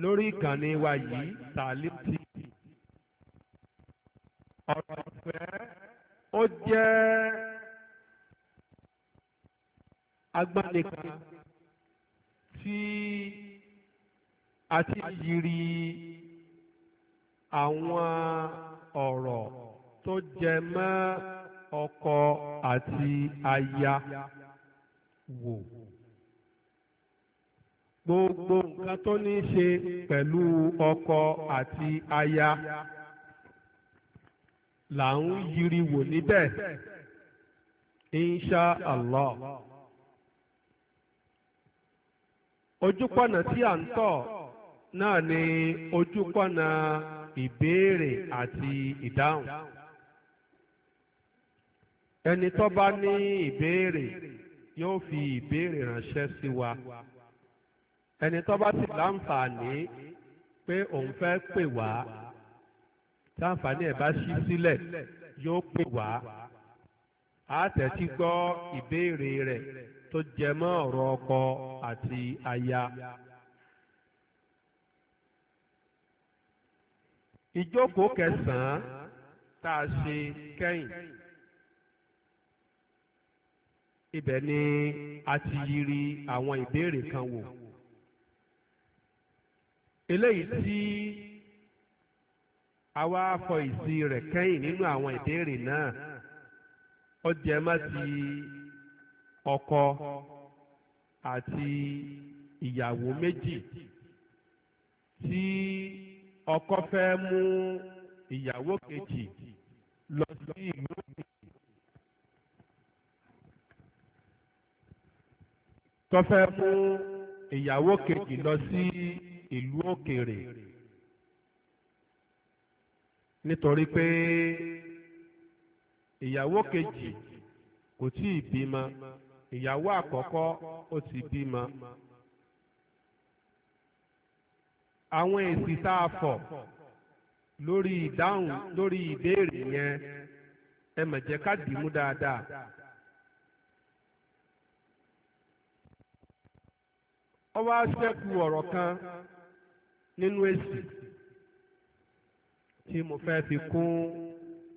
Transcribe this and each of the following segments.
lórí ìkànnì wa yìí Taalib TV ọ̀rọ̀ ọ̀fẹ́ ó jẹ́ agbanikan tí a ti yiri àwọn ọ̀rọ̀ tó jẹ mọ́ ọkọ àti aya wò. gbogbo nǹkan tó ní í ṣe pẹ̀lú ọkọ àti aya là ń yiri wò níbẹ̀ insha allah ojúkọ̀nà tí a ń tọ̀ náà ni ojúkọ̀nà ìbéèrè àti ìdáhùn ẹni tó bá ní ìbéèrè yóò fi ìbéèrè ránṣẹ́ sí wa. ẹni tó bá sì láǹfààní pé òun fẹ́ pè wá táǹfààní ẹ̀ bá ṣí sílẹ̀ yóò pè wá á tẹ́tí gbọ́ ìbéèrè rẹ̀ tó jẹ mọ́ ọ̀rọ̀ ọkọ àti aya. ìjókòó kẹsàn-án tá a ṣe kẹ́yìn ibẹ̀ ni a ti yiri àwọn ìbéèrè kan wò eléyìí tí àwa afọ ìsí rẹ̀ kẹ́yìn nínú àwọn ìbéèrè náà ó jẹ mọ́ ti ọkọ àti ìyàwó méjì tí ọkọ fẹ́ mú ìyàwó kejì lọ sí ìlú tó fẹ́ mú ìyàwó kejì lọ sí. ìlú òkèèrè nítorí pé ìyàwó kejì kò tí ì bímọ ìyàwó àkọ́kọ́ ó ti bímọ. àwọn èsì tá a fọ̀ lórí ìdáhùn lórí ìbéèrè yẹn ẹ mà jẹ́ ká dìímú dáadáa. ó wá ọ̀rọ̀ kan. nínú èsì tí mo fẹ́ fi kún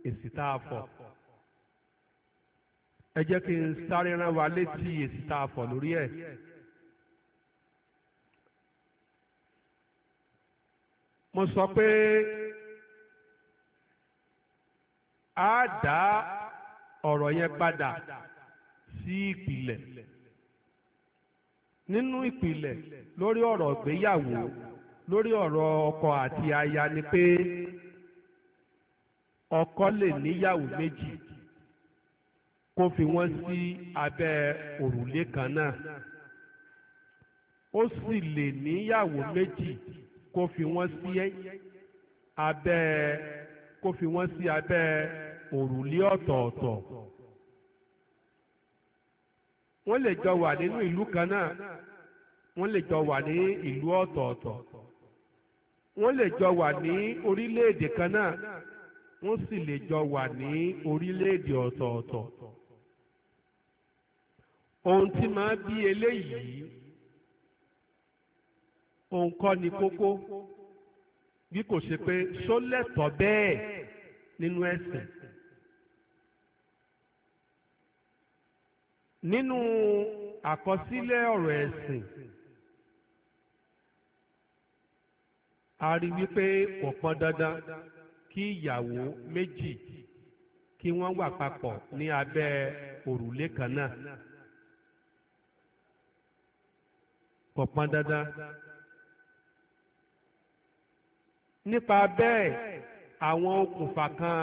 èsì tá a fọ̀ ẹ jẹ́ kí n sáré rán wa létí èsì tá a fọ̀ lórí ẹ̀. mo sọ pé a dá ọ̀rọ̀ yẹn padà sí ìpìlẹ̀ nínú ìpìlẹ̀ lórí ọ̀rọ̀ ìgbéyàwó lórí ọ̀rọ̀ ọkọ àti aya ni pé ọkọ lè níyàwó méjì kó fi wọ́n sí abẹ́ òrùlé kan náà ó sì lè níyàwó méjì kó fi wọ́n sí abẹ́ kó fi wọ́n sí abẹ́ òrùlé ọ̀tọ̀ọ̀tọ̀ wọ́n lè jọ wà nínú ìlú kan náà wọ́n lè jọ wà ní ìlú ọ̀tọ̀ọ̀tọ̀ wọ́n lè jọ wà ní orílẹ̀-èdè kan náà wọ́n sì lè jọ wà ní orílẹ̀-èdè ọ̀tọ̀ọ̀tọ̀. ohun tí máa bí eléyìí òun kọ́ ni kókó bí kò ṣe pé sólẹ̀tọ̀ bẹ́ẹ̀ nínú ẹ̀sìn. nínú àkọsílẹ̀ ọ̀rọ̀ ẹ̀sìn. a rí wípé kò pọn dandan kí ìyàwó méjì kí wọ́n wà papọ̀ ní abẹ́ òrùlé kan náà kò pọn dandan nípa bẹ́ẹ̀ àwọn okùnfà kan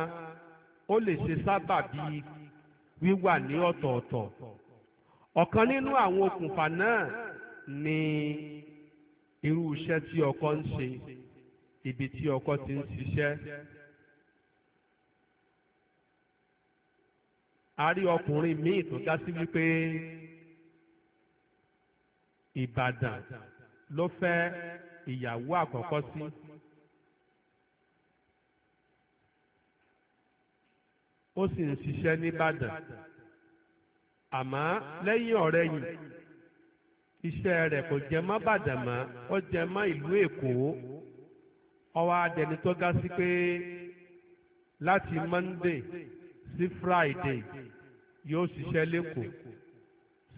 ó lè ṣe sábàbí wíwà ní ọ̀tọ̀ọ̀tọ̀ ọ̀kan nínú àwọn okùnfà náà ni irú iṣẹ́ tí ọkọ ń ṣe ibi tí ọkọ ti ń ṣiṣẹ́. a rí ọkùnrin míì tó dá sí wípé Ìbàdàn ló fẹ́ ìyàwó àkọ́kọ́ sí. ó sì ń ṣiṣẹ́ nìbàdàn àmọ́ lẹ́yìn ọ̀rẹ́ yìí iṣẹ́ rẹ̀ kò jẹ mọ́ bàdàn mọ́ ó jẹ mọ́ ìlú Èkó ọwọ́ adẹni tó ga sí pé láti Monday sí Friday yóò ṣiṣẹ́ lẹ́kọ̀ọ́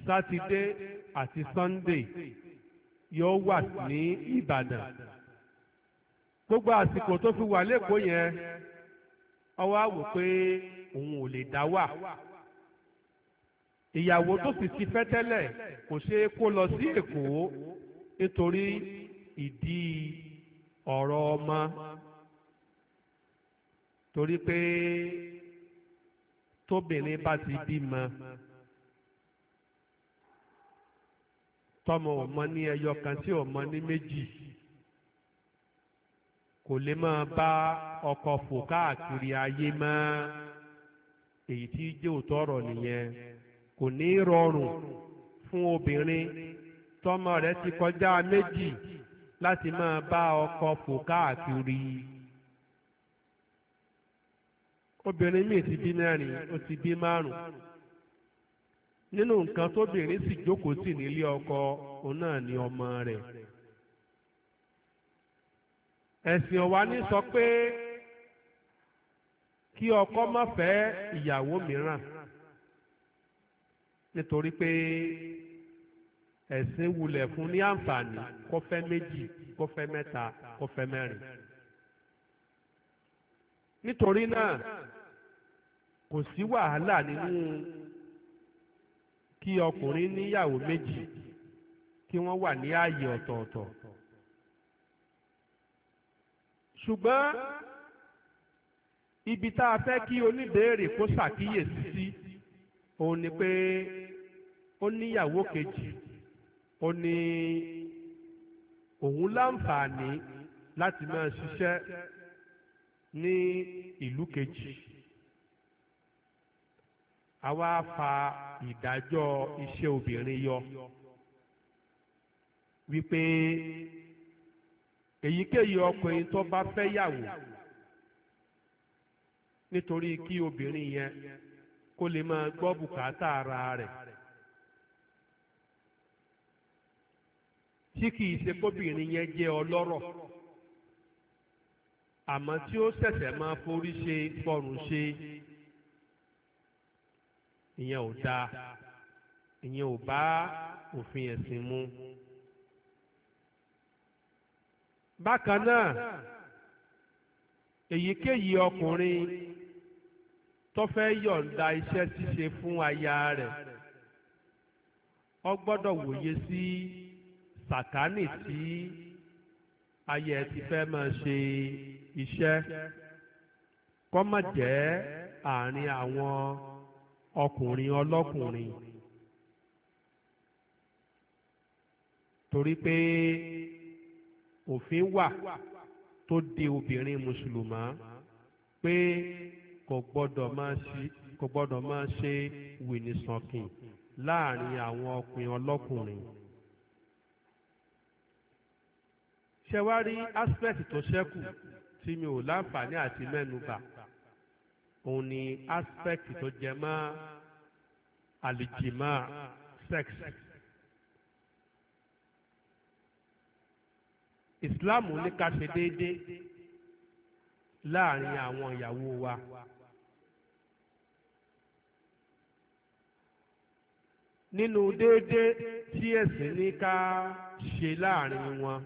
sátidé àti Sunday yóò wà ní Ìbàdàn gbogbo àsìkò tó fi wà lẹ́kọ̀ọ́ yẹn ọwọ́ àwò pé òun ò lè dá wà ìyàwó tó sì ti fẹ́ tẹ́lẹ̀ kò ṣeé kó lọ sí Èkó nítorí ìdí ọ̀rọ̀ ọmọ torí pé tóbìnrin bá ti bímọ tọmọ ọmọ ní ẹyọ kan tí ọmọ ní méjì kò lè máa bá ọkọ fò káàkiri ayé mọ́ èyí tí jẹ́ òótọ́ ọ̀rọ̀ nìyẹn kò ní rọrùn fún obìnrin tọmọ rẹ̀ ti kọjá méjì. láti máa bá ọkọ fò káàkiri obìnrin mi ti bí mẹ́rin ó ti bí márùn nínú nǹkan tóbìnrin sì jókòó sí nílé ọkọ òun náà ni ọmọ rẹ̀ ẹ̀sìn ọ̀wá ní sọ pé kí ọkọ má fẹ́ ìyàwó mìíràn nítorí pé ẹ̀sìn wulẹ̀ fún ní àǹfààní kó fẹ́ méjì kó fẹ́ mẹ́ta kó fẹ́ mẹ́rin. nítorí náà kò sí wàhálà nínú kí ọkùnrin níyàwó méjì kí wọ́n wà ní ààyè ọ̀tọ̀ọ̀tọ̀. ṣùgbọ́n ibi tá a fẹ́ kí oníbèéèrè kó ṣàkíyèsí sí òun ni pé ó níyàwó kejì. ó ní òun láǹfààní láti máa ṣiṣẹ́ ní ìlú kejì àwa fa ìdájọ́ iṣẹ́ obìnrin yọ wípé èyíkéyìí ọkùnrin tó bá fẹ́ yàwó nítorí kí obìnrin yẹn kó lè máa gbọ́ bùkátà ara rẹ̀. tí kìí ṣe kóbìnrin yẹn jẹ́ ọlọ́rọ̀ àmọ́ tí ó ṣẹ̀ṣẹ̀ máa forí ṣe fọrùn ṣe ìyẹn ò dáa ìyẹn ò bá òfin ẹ̀sìn mu. bákan náà èyíkéyìí ọkùnrin tó fẹ́ yọ̀ǹda iṣẹ́ ṣíṣe fún aya rẹ̀ ó gbọ́dọ̀ wòye sí. Si, sàkánì tí ayẹ ti fẹ́ máa ṣe iṣẹ́ kó má jẹ́ àárín àwọn ọkùnrin ọlọ́kùnrin torí pé òfin wà tó de obìnrin mùsùlùmá pé kò gbọ́dọ̀ máa ṣe kò gbọ́dọ̀ máa ṣe wìnìsànkìn láàárín àwọn ọkùnrin ọlọ́kùnrin. ṣẹwárí aspect tó ṣẹ́kù tí mi ò láǹfààní àti mẹ́nuba òun ni aspect tó jẹ mọ́ àlìjìmá sex. Islam ní ká ṣe déédéé láàrin àwọn ìyàwó wa. nínú déédéé tí ẹ̀sìn ní ká ṣe láàrin wọn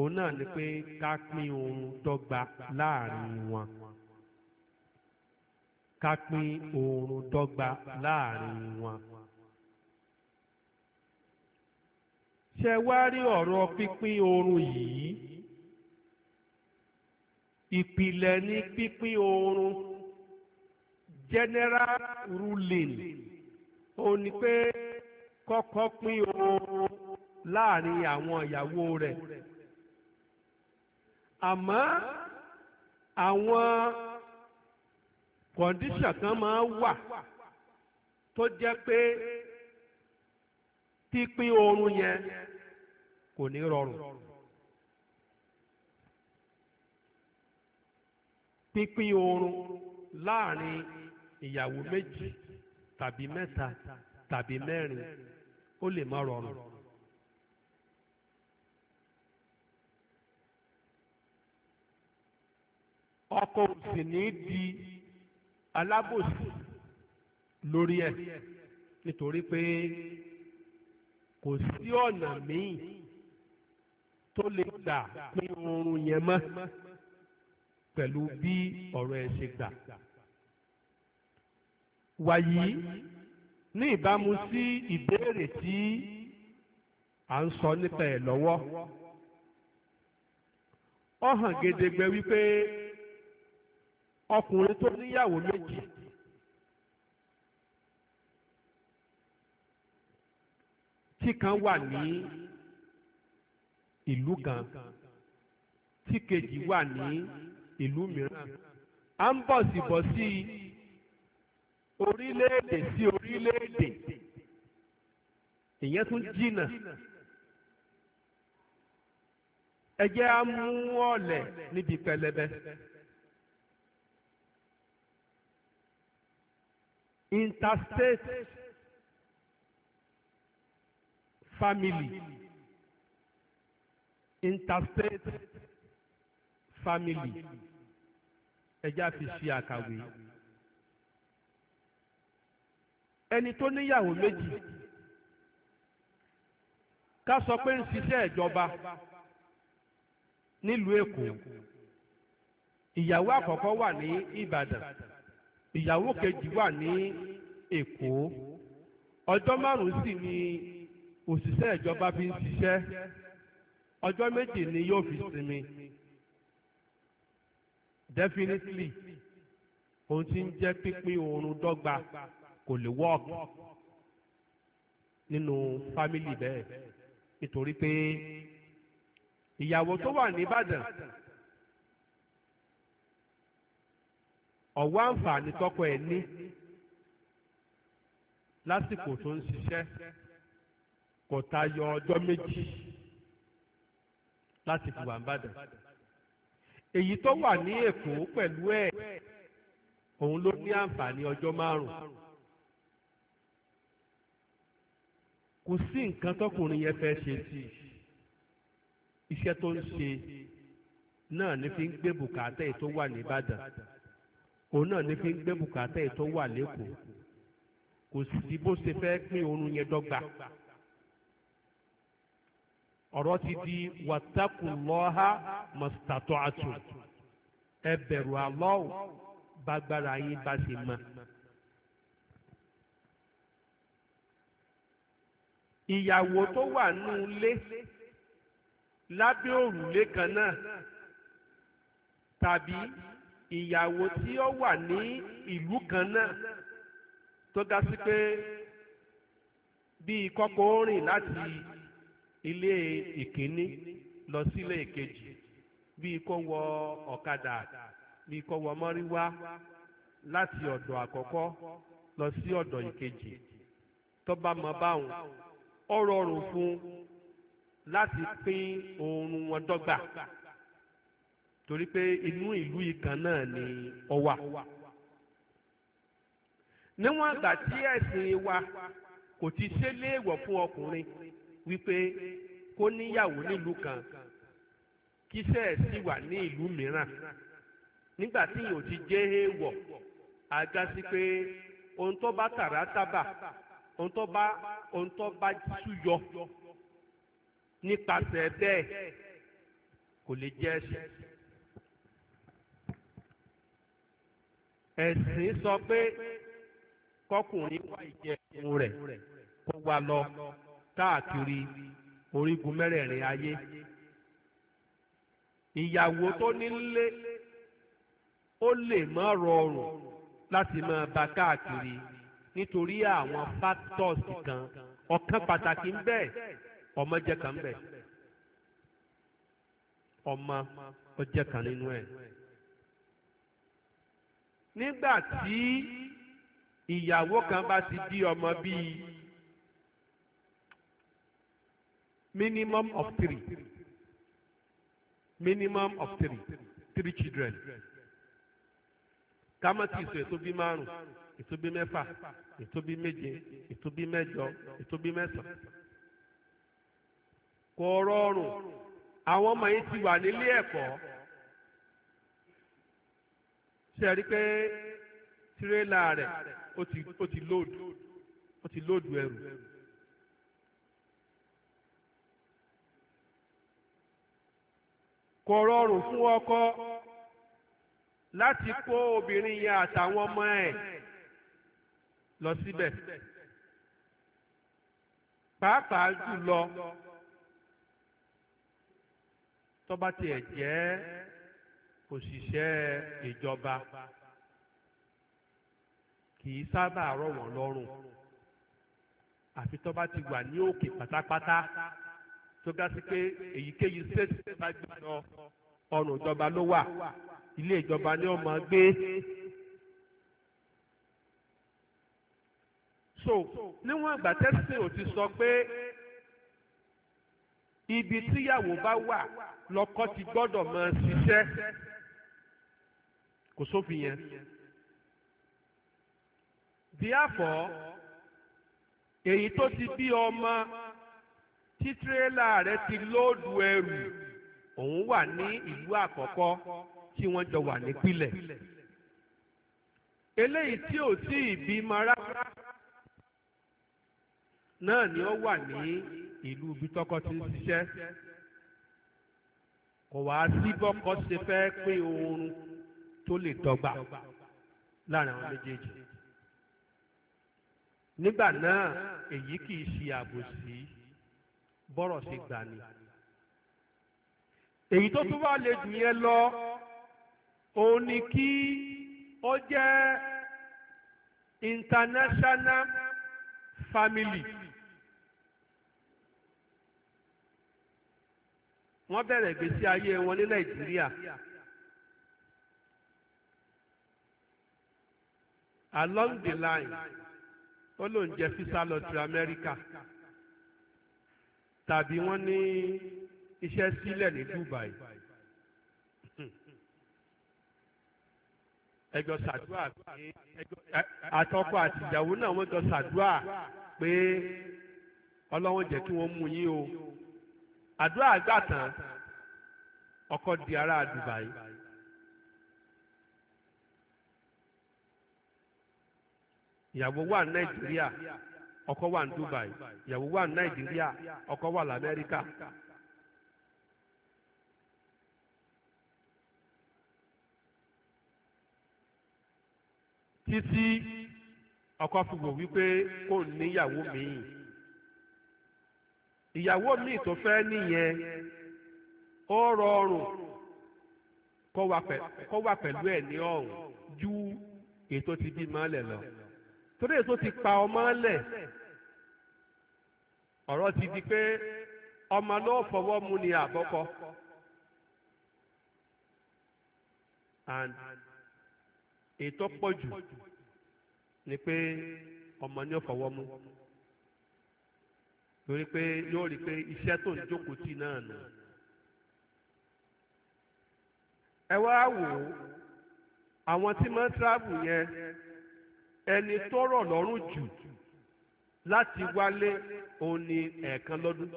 òun náà ni pé ká pín ohun dọ́gba láàrin wọn ká pín ohun dọ́gba láàrin wọn. ṣe wá rí ọ̀rọ̀ pípín oorun yìí ìpìlẹ̀ ni pípín oorun general ruling ó ní pé kọ́kọ́ pín oorun láàrin àwọn ìyàwó rẹ̀. àmọ́ àwọn kọ̀ǹdíṣàn kan máa wà tó jẹ́ pé pípín oorun yẹn kò ní rọrùn. pípín oorun láàrin ìyàwó méjì tàbí mẹ́ta tàbí mẹ́rin ó lè má rọrùn. ọkọ òsì ní di alábòsí lórí ẹ̀ nítorí pé kò sí ọ̀nà míì tó lè gbà pín oorun yẹn mọ́ pẹ̀lú bí ọ̀rọ̀ ẹ̀ ṣe gbà. wàyí ní ìbámu sí ìbéèrè tí à ń sọ nípa ẹ̀ lọ́wọ́ ó hàn gedegbe wípé ọkùnrin tó níyàwó méjì tí kan wà ní ìlú kan tí kejì wà ní ìlú mìíràn à ń bọ̀ sí bọ̀ sí orílẹ̀-èdè sí orílẹ̀-èdè ìyẹn tún jìnnà ẹ jẹ́ á mú ọ̀lẹ̀ níbi pẹlẹbẹ. interstate family interstate family ẹja fi ṣe àkàwé ẹni tó níyàwó méjì ká sọ pé ń ṣiṣẹ́ ìjọba nílùú Èkó ìyàwó àkọ́kọ́ wà ní Ìbàdàn ìyàwó kejì wà ní Èkó ọjọ́ márùn-ún sì ni òṣìṣẹ́ ìjọba fi ń ṣiṣẹ́ ọjọ́ méjì ni yóò fi sinmi definitely ohun tí ń jẹ́ pípín oorun dọ́gba kò lè work nínú fámìlì bẹ́ẹ̀ nítorí pé ìyàwó tó wà ní Ìbàdàn. ọ̀wọ́ àǹfààní tọkọ ẹ̀ ní lásìkò tó ń ṣiṣẹ́ kò tayọ ọjọ́ méjì láti fi wà ń bàdàn èyí tó wà ní èkó pẹ̀lú ẹ̀ òun ló ní àǹfààní ọjọ́ márùn-ún kò sí nǹkan tọkùnrin yẹn fẹ́ ṣe sí iṣẹ́ tó ń ṣe náà ní fi ń gbé bùkátà tó wà ní Ìbàdàn. òun náà ní fi gbé bùkátà ètò wà lẹ́kọ̀ọ́ kò sí bó ṣe fẹ́ pín oorun yẹn dọ́gba ọ̀rọ̀ ti di wàtàkùnlọ́ha mọ̀sítàtọ̀ àtù ẹ bẹ̀rù àlọ́ọ̀ yín bá ṣe mọ́. ìyàwó tó wà nù lé lábẹ́ òrùlé kan náà tàbí ìyàwó tí ó wà ní ìlú kan náà tó ga sí pé bíi kọ́kọ́ rìn láti ilé ìkíní lọ sílé ìkejì bíi kó wọ ọ̀kadà bíi kó wọ mọ́ríwá láti ọ̀dọ̀ àkọ́kọ́ lọ sí ọ̀dọ̀ ìkejì tó bá mọ báwọn ó rọrùn fún láti pín oorun wọn dọ́gba torí pé inú ìlú yìí kan náà ni ọ wà níwọ̀n àgbà tí ẹ̀sìn wa kò ti ṣe léèwọ̀ fún ọkùnrin wípé kó níyàwó nílùú kan kíṣẹ́ sì wà ní ìlú mìíràn nígbà tí yìí ò ti jẹ́ èèwọ̀ àga sí pé ohun tó bá tàrà tábà ohun tó bá ohun tó bá súyọ nípasẹ̀ bẹ́ẹ̀ kò lè jẹ́ ẹ̀sìn. ẹ̀sìn sọ pé kọkùnrin wá ìjẹun rẹ̀ kó wa lọ káàkiri orígun mẹ́rẹ̀ẹ̀rin ayé ìyàwó tó nílé ó lè má rọrùn láti máa bá káàkiri nítorí àwọn factors kan ọ̀kan pàtàkì ń bẹ ọmọ jẹ́ kan ń bẹ ọmọ kan nínú ẹ̀. nígbà tí ìyàwó kan bá ti bí ọmọ bíi minimum of three minimum of three three children kámọ́tì ìsọ ètò bíi márùn ètò bíi mẹ́fà ètò bíi méje ètò bíi mẹ́jọ ètò bíi mẹ́sàn-án kò rọrùn àwọn ọmọ yìí ti wà nílé ẹ̀kọ́ ṣe rí pé tirẹ́là rẹ̀ ó ti lóòdù ó ti lóòdù ẹrù. kò rọrùn fún ọkọ láti kó obìnrin yẹn àtàwọn ọmọ ẹ̀ lọ síbẹ̀ pàápàá jùlọ tó bá tiẹ̀ jẹ́ òṣìṣẹ́ ìjọba kì í sábà rọ̀ wọ́n lọ́rùn àfi tó bá ti wà ní òkè pátápátá tó ga sí pé èyíkéyìí ṣèṣì tó bá gbé lọ ọrùn ìjọba ló wà ilé ìjọba ni ó máa gbé. so níwọ̀n àgbà tẹ́sán ò ti sọ pé ibi tíyàwó bá wà lọ́kọ ti gbọ́dọ̀ máa ṣiṣẹ́ kò sófin yẹn díàfọ èyí tó ti bí ọmọ tí tírélà rẹ ti lóòdù ẹrù òun wà ní ìlú àkọ́kọ́ tí wọ́n jọ wà nípìlẹ̀ eléyìí tí ò tí ì bímọ náà ni ó wà ní ìlú ibi tọ́kọ ti ń ṣiṣẹ́ kò wá sí ṣe fẹ́ pín oorun tó lè dọ́gba láàrin àwọn méjèèjì nígbà náà èyí kì í ṣe àbòsí bọ́rọ̀ ṣe gbà èyí tó tún wá lè jù yẹn lọ òun ni kí ó jẹ́ international family. wọ́n bẹ̀rẹ̀ ìgbésí ayé wọn ní nàìjíríà along the line ó ló ń jẹ fisa lọ ju Amẹ́ríkà tàbí wọ́n ní iṣẹ́ sílẹ̀ ní Dubai ẹjọ ṣàdúrà pé àtọkọ àtìyàwó náà wọ́n jọ ṣàdúrà pé Ọlọ́run jẹ́ kí wọ́n mú yín o àdúrà àgbà tán ọkọ di ará Dubai. ìyàwó wà ní nàìjíríà ọkọ wà dubai ìyàwó wà ní nàìjíríà ọkọ wà lamẹ́ríkà. títí ọkọ fi wò wípé kò níyàwó míì ìyàwó míì tó fẹ́ nìyẹn ó rọrùn kó wà pẹ̀lú ẹ̀ ní ọ̀hún ju ètò ti bímọ lẹ̀ lọ torí èso ti pa ọmọ lẹ̀ ọ̀rọ̀ ti di pé ọmọ ló fọwọ́ mu ni àbọ́kọ and ètò pọ̀jù ni pé ọmọ ni ó fọwọ́ mu torí pé yóò rí i pé iṣẹ́ tó ń jókòó tì náà nù. ẹ wá wò ó àwọn tí máa ń tíráàbù yẹn ẹni tọ́rọ̀ lọ́rùn jù láti wálé òun ni ẹ̀ẹ̀kan lọ́dún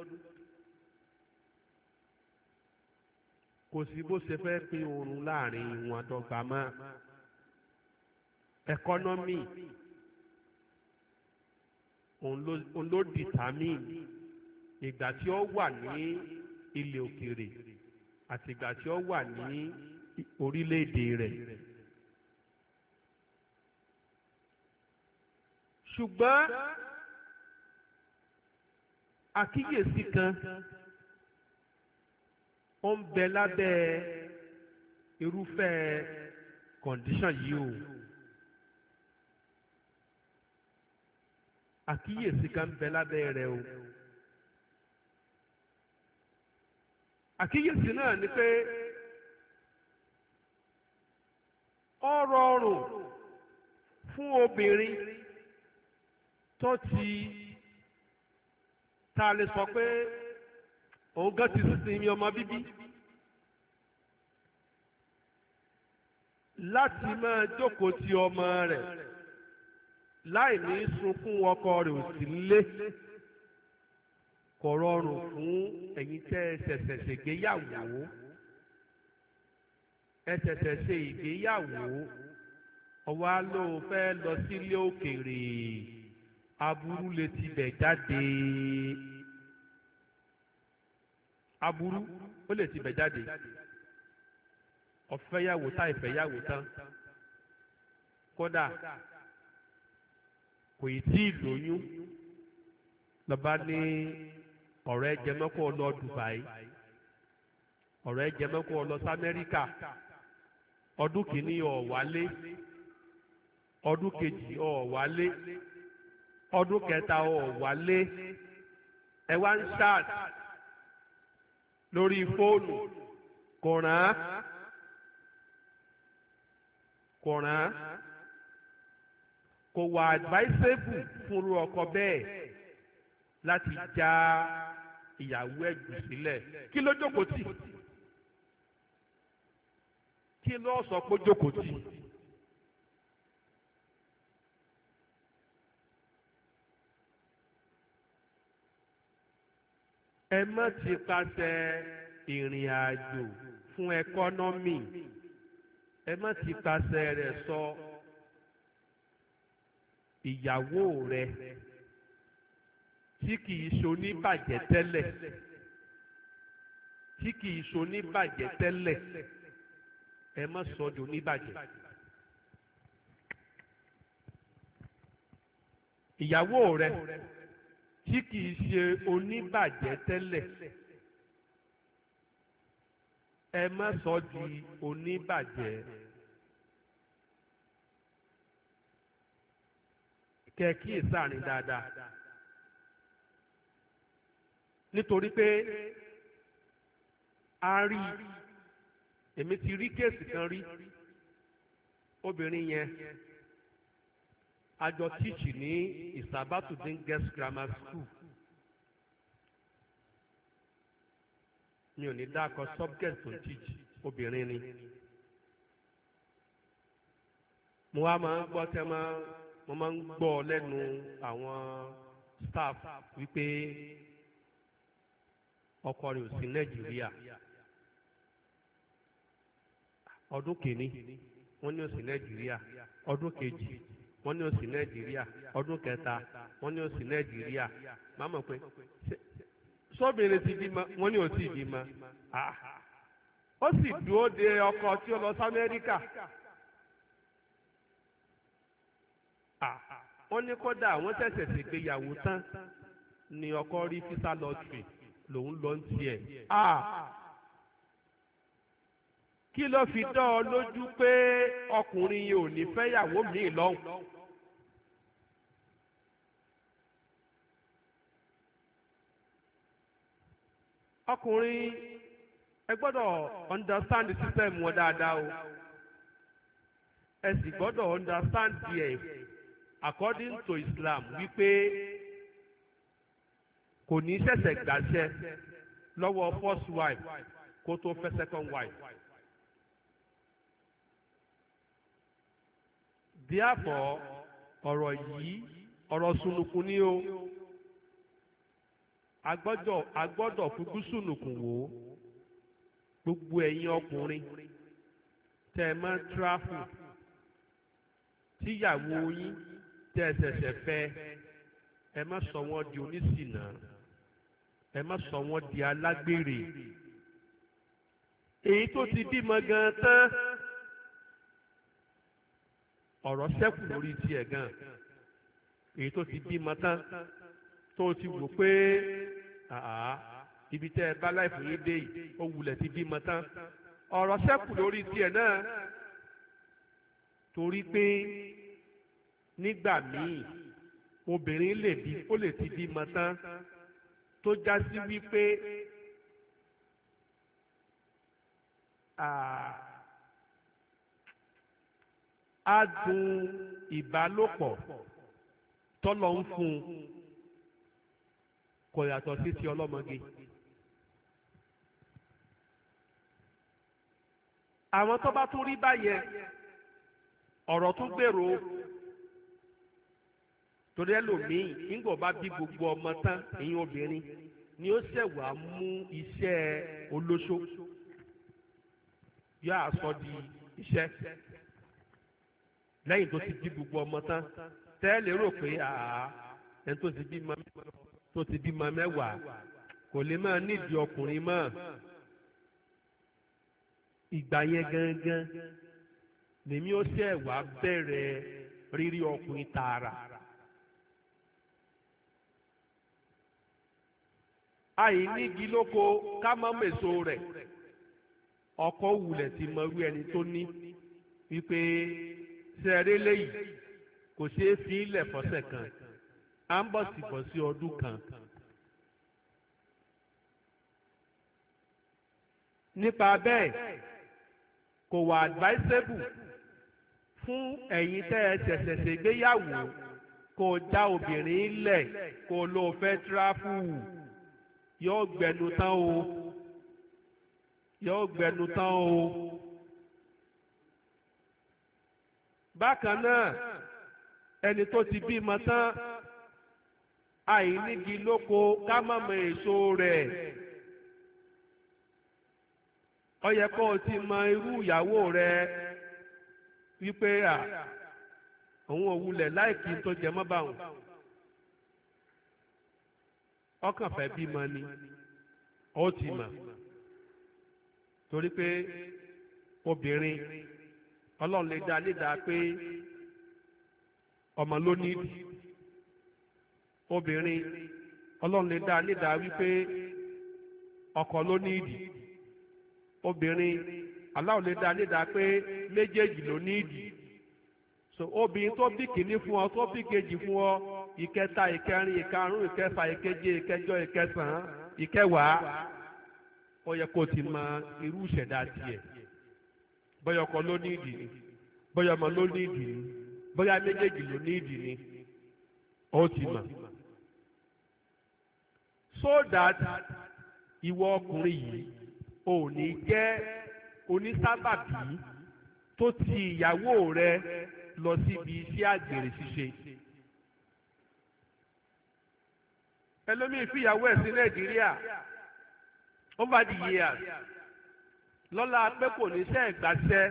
kò sí bó ṣe fẹ́ pín oorun láàrin wọn dọ́gba mọ́ ẹkọ́nọ́mì òun ló dìtámì ìgbà tí ó wà ní ilẹ̀ òkèrè àti ìgbà tí ó wà ní orílẹ̀-èdè rẹ̀. ṣùgbọ́n àkíyèsí kan ó ń bẹ lábẹ́ irúfẹ́ kọ̀ǹdíṣàn yìí o àkíyèsí kan ń bẹ lábẹ́ rẹ̀ o àkíyèsí náà ni pé ó rọrùn fún obìnrin tó ti tá a lè sọ pé òun gán ti sinmi ọmọ bíbí láti máa jókòó ti ọmọ rẹ̀ láì ní sunkún ọkọ rẹ̀ ò sí nílé kò rọrùn fún ẹ̀yin tẹ́ ẹ ṣègbéyàwó ẹ ṣẹ̀ṣẹ̀ ṣe ìgbéyàwó ọwọ́ lọ sílé òkèèrè. aburu lè tibẹ̀ jáde aburú ó lè tibẹ̀ jáde ọ̀fẹ́yàwó tá ìfẹ́yàwó tán kódà kò tí Dubai ọ̀rẹ́ jẹmọ́kọ́ lọ sàmẹ́ríkà ọdún kìíní ó wálé ọdún kejì ọdún kẹta ọ̀ wálé ẹ wá ń ṣáàt lórí fóònù kò rán kò rán kò wà advisable fúnru ọkọ bẹ́ẹ̀ láti já ìyàwó ẹ̀ jù sílẹ̀ kí ló jókòó tì kí ló sọ pé jókòó tì. ẹ má ti pàṣẹ ìrìn àjò fún ẹkọ́nọ́mì ẹ má ti pàṣẹ rẹ̀ sọ ìyàwó rẹ̀ tí kìí ṣoníbàjẹ́ tẹ́lẹ̀ tí kìí ṣoníbàjẹ́ tẹ́lẹ̀ ẹ má sọ di oníbàjẹ́. ìyàwó rẹ̀ tí kìí ṣe oníbàjẹ́ tẹ́lẹ̀ ẹ má sọ di oníbàjẹ́ kẹ̀kíyè sáàrin dáadáa nítorí pé a rí èmi ti rí kéèsì kan rí obìnrin yẹn. ajọ jọ ní isabatudin girls grammar school mi ò ní dákọ subject tó ń tíìchì obìnrin ni mo wá máa ń gbọ́ tẹ́ máa mo máa ń gbọ́ lẹ́nu àwọn staff wípé ọkọ rẹ̀ ò sí nàìjíríà ọdún kìíní wọ́n ní ò sí nàìjíríà ọdún kejì wọ́n ní òsì nàìjíríà ọdún kẹta wọ́n ní òsì nàìjíríà máa mọ̀ pé sóbìnrin ti bímọ wọ́n ní òsì bímọ ó sì dúró de ọkọ tí ó lọ sí amẹ́ríkà wọ́n ní kódà wọ́n ṣẹ̀ṣẹ̀ ṣègbéyàwó tán ni ọkọ rí físà lọ́tìrì lòun lọ ń kí ló fi dá ọ lójú pé ọkùnrin yìí ò ní fẹ́yàwó míì lọ́hùn. ọkùnrin ẹ gbọ́dọ̀ understand system wọn dáadáa o ẹ sì gbọ́dọ̀ understand díẹ̀ according to Islam wípé kò ní ṣẹ̀ṣẹ̀ gbàṣẹ lọ́wọ́ first wife kó tó fẹ́ second wife. Diapo ọ̀rọ̀ yìí ọ̀rọ̀ sunukun ni o agbọ́dọ̀ agbọ́dọ̀ fojú sunukun wò ó gbogbo ẹ̀yin ọkùnrin tẹ́ ẹ máa ń tíráfù tíyàwó yín tẹ́ ẹ ṣẹ̀ṣẹ̀ ẹ má sọ wọ́n di oníṣìnà ẹ má sọ wọ́n di alágbèrè èyí tó ti bímọ gan tán ọ̀rọ̀ ṣẹ́kù lórí tiẹ̀ gan èyí tó ti bímọ tán tó ti wò pé ibi tẹ́ ẹ bá láìpẹ́ yín dé yìí ó wulẹ̀ ti bímọ tán ọ̀rọ̀ ṣẹ́kù lórí tiẹ̀ náà torí pé nígbà míì obìnrin lè bí ó lè ti bímọ tán tó já sí wípé adùn ìbálòpọ̀ tọ́lọ̀ ń fún un kò yàtọ̀ sí ti ọlọ́mọge. àwọn tó bá tún rí báyẹn ọ̀rọ̀ tún gbèrò torí ẹlòmíì nígbà bá bí gbogbo ọmọ tán ìyẹn obìnrin ni ó ṣẹ̀wá mú iṣẹ́ olóṣó yóò àsọ di iṣẹ́ lẹ́yìn tó ti bí gbogbo ọmọ tán tẹ́lẹ̀ rò pé àá ẹni tó ti bímọ tó ti bímọ mẹ́wàá kò lè máa nídìí ọkùnrin mọ́ ìgbà yẹn gangan lèmi ó ṣe wá bẹ̀rẹ̀ rírí ọkùnrin tààrà. àì nígi lóko ká má mèso rẹ̀ ọkọ wulẹ̀ ti mọ irú ẹni tó ní wípé sẹ́ẹ̀rí léyìí kò ṣeé fi ilẹ̀ fọ́sẹ̀ kan à ń bọ̀ sí bọ̀ sí ọdún kan. nípa bẹ́ẹ̀ kò wà advisable fún ẹ̀yin tẹ́ ẹ ṣẹ̀ṣẹ̀ ṣègbéyàwó kó o já obìnrin lẹ̀ kó o lọ fẹ́ tíráfù yóò gbẹnu tán o yóò gbẹnu tán o. bákan náà ẹni tó ti ma tán àìnígi lóko ká má mọ èso rẹ̀ ó yẹ kó o ti mọ irú ìyàwó rẹ̀ wípé à òun ò wulẹ̀ láìkí tó jẹ ọ báwọn ọkàn bi ma ni ó ti mọ̀ torí pé obìnrin. ọlọ́run lè dá lè dá pé ọmọ ló nídìí obìnrin ọlọ́run lè dá lè dá wípé ọkọ ló nídìí obìnrin aláwọ̀ lè dá lè dá pé méjèèjì ló nídìí so obìnrin tó bí kìíní fún ọ tó bí kejì fún ọ ìkẹta ìkẹrin ìkarùn ìkẹfà ìkeje ìkẹjọ ìkẹsàn-án ìkẹwàá ó yẹ kó o ti mọ irú ìṣẹ̀dá tiẹ̀ bóyá ọkọ ló ní ìdí ni bóyá ọmọ ló ní ìdí ni bóyá méjèèjì ló ní ìdí ni ó ti mà so that ìwọ ọkùnrin yìí ò ní jẹ́ onísábàbí tó ti ìyàwó rẹ lọ síbi iṣẹ́ àgbèrè ṣíṣe. ẹlòmíì fìyàwó ẹ̀ sí Nàìjíríà over the years. lọ́la pé kò ní sẹ́ ìgbàṣẹ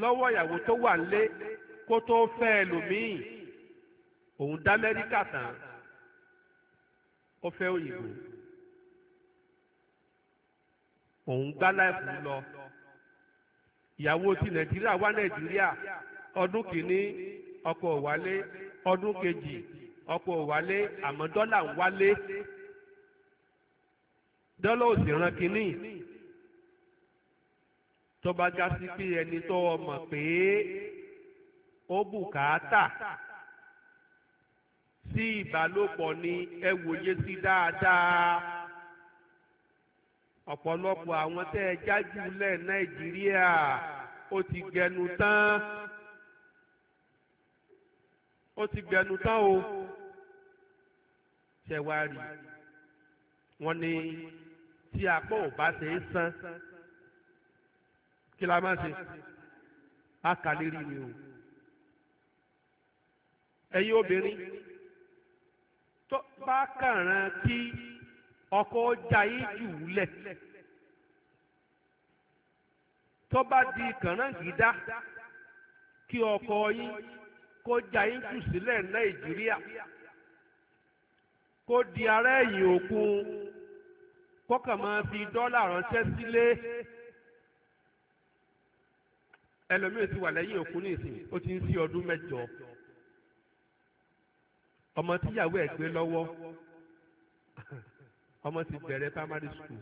lọ́wọ́ ìyàwó tó wà kó tó fẹ́ òun dá tán ó fẹ́ òyìnbó òun gbá láìpù lọ ìyàwó ti Nàìjíríà wá Nàìjíríà ọdún kìíní ọkọ òwálé ọdún kejì ọkọ òwálé àmọ́ dọ́là ń wálé dọ́là ò sì kìíní. tó bá já sí pé ẹni tó mọ̀ pé ó bùkátà sí ìbálòpọ̀ ni ẹ wòye sí dáadáa ọ̀pọ̀lọpọ̀ àwọn tẹ́ ẹ jájú lẹ̀ Nàìjíríà ó ti gbẹnu tán ó ti gbẹnu tán o ṣẹ̀wá rí wọ́n ní tí apá ò bá ṣe é san kí la máa ṣe a kà lérí mi o ẹ̀yin obìnrin tó bá kàrán kí ọkọ ọjà yín jù ú lẹ̀ tó bá di kànáńgídá kí ọkọ yín kó jà yín jù sílẹ̀ Nàìjíríà kó di ara ẹ̀yìn òkun kọ́kàn máa fi dọ́là ránṣẹ́ sílé. Si ẹlòmíì ti wà lẹ́yìn òkú ní ìsìn ó ti ń sí ọdún mẹ́jọ ọmọ tíyàwó ẹ̀ gbé lọ́wọ́ ọmọ ti bẹ̀rẹ̀ primary school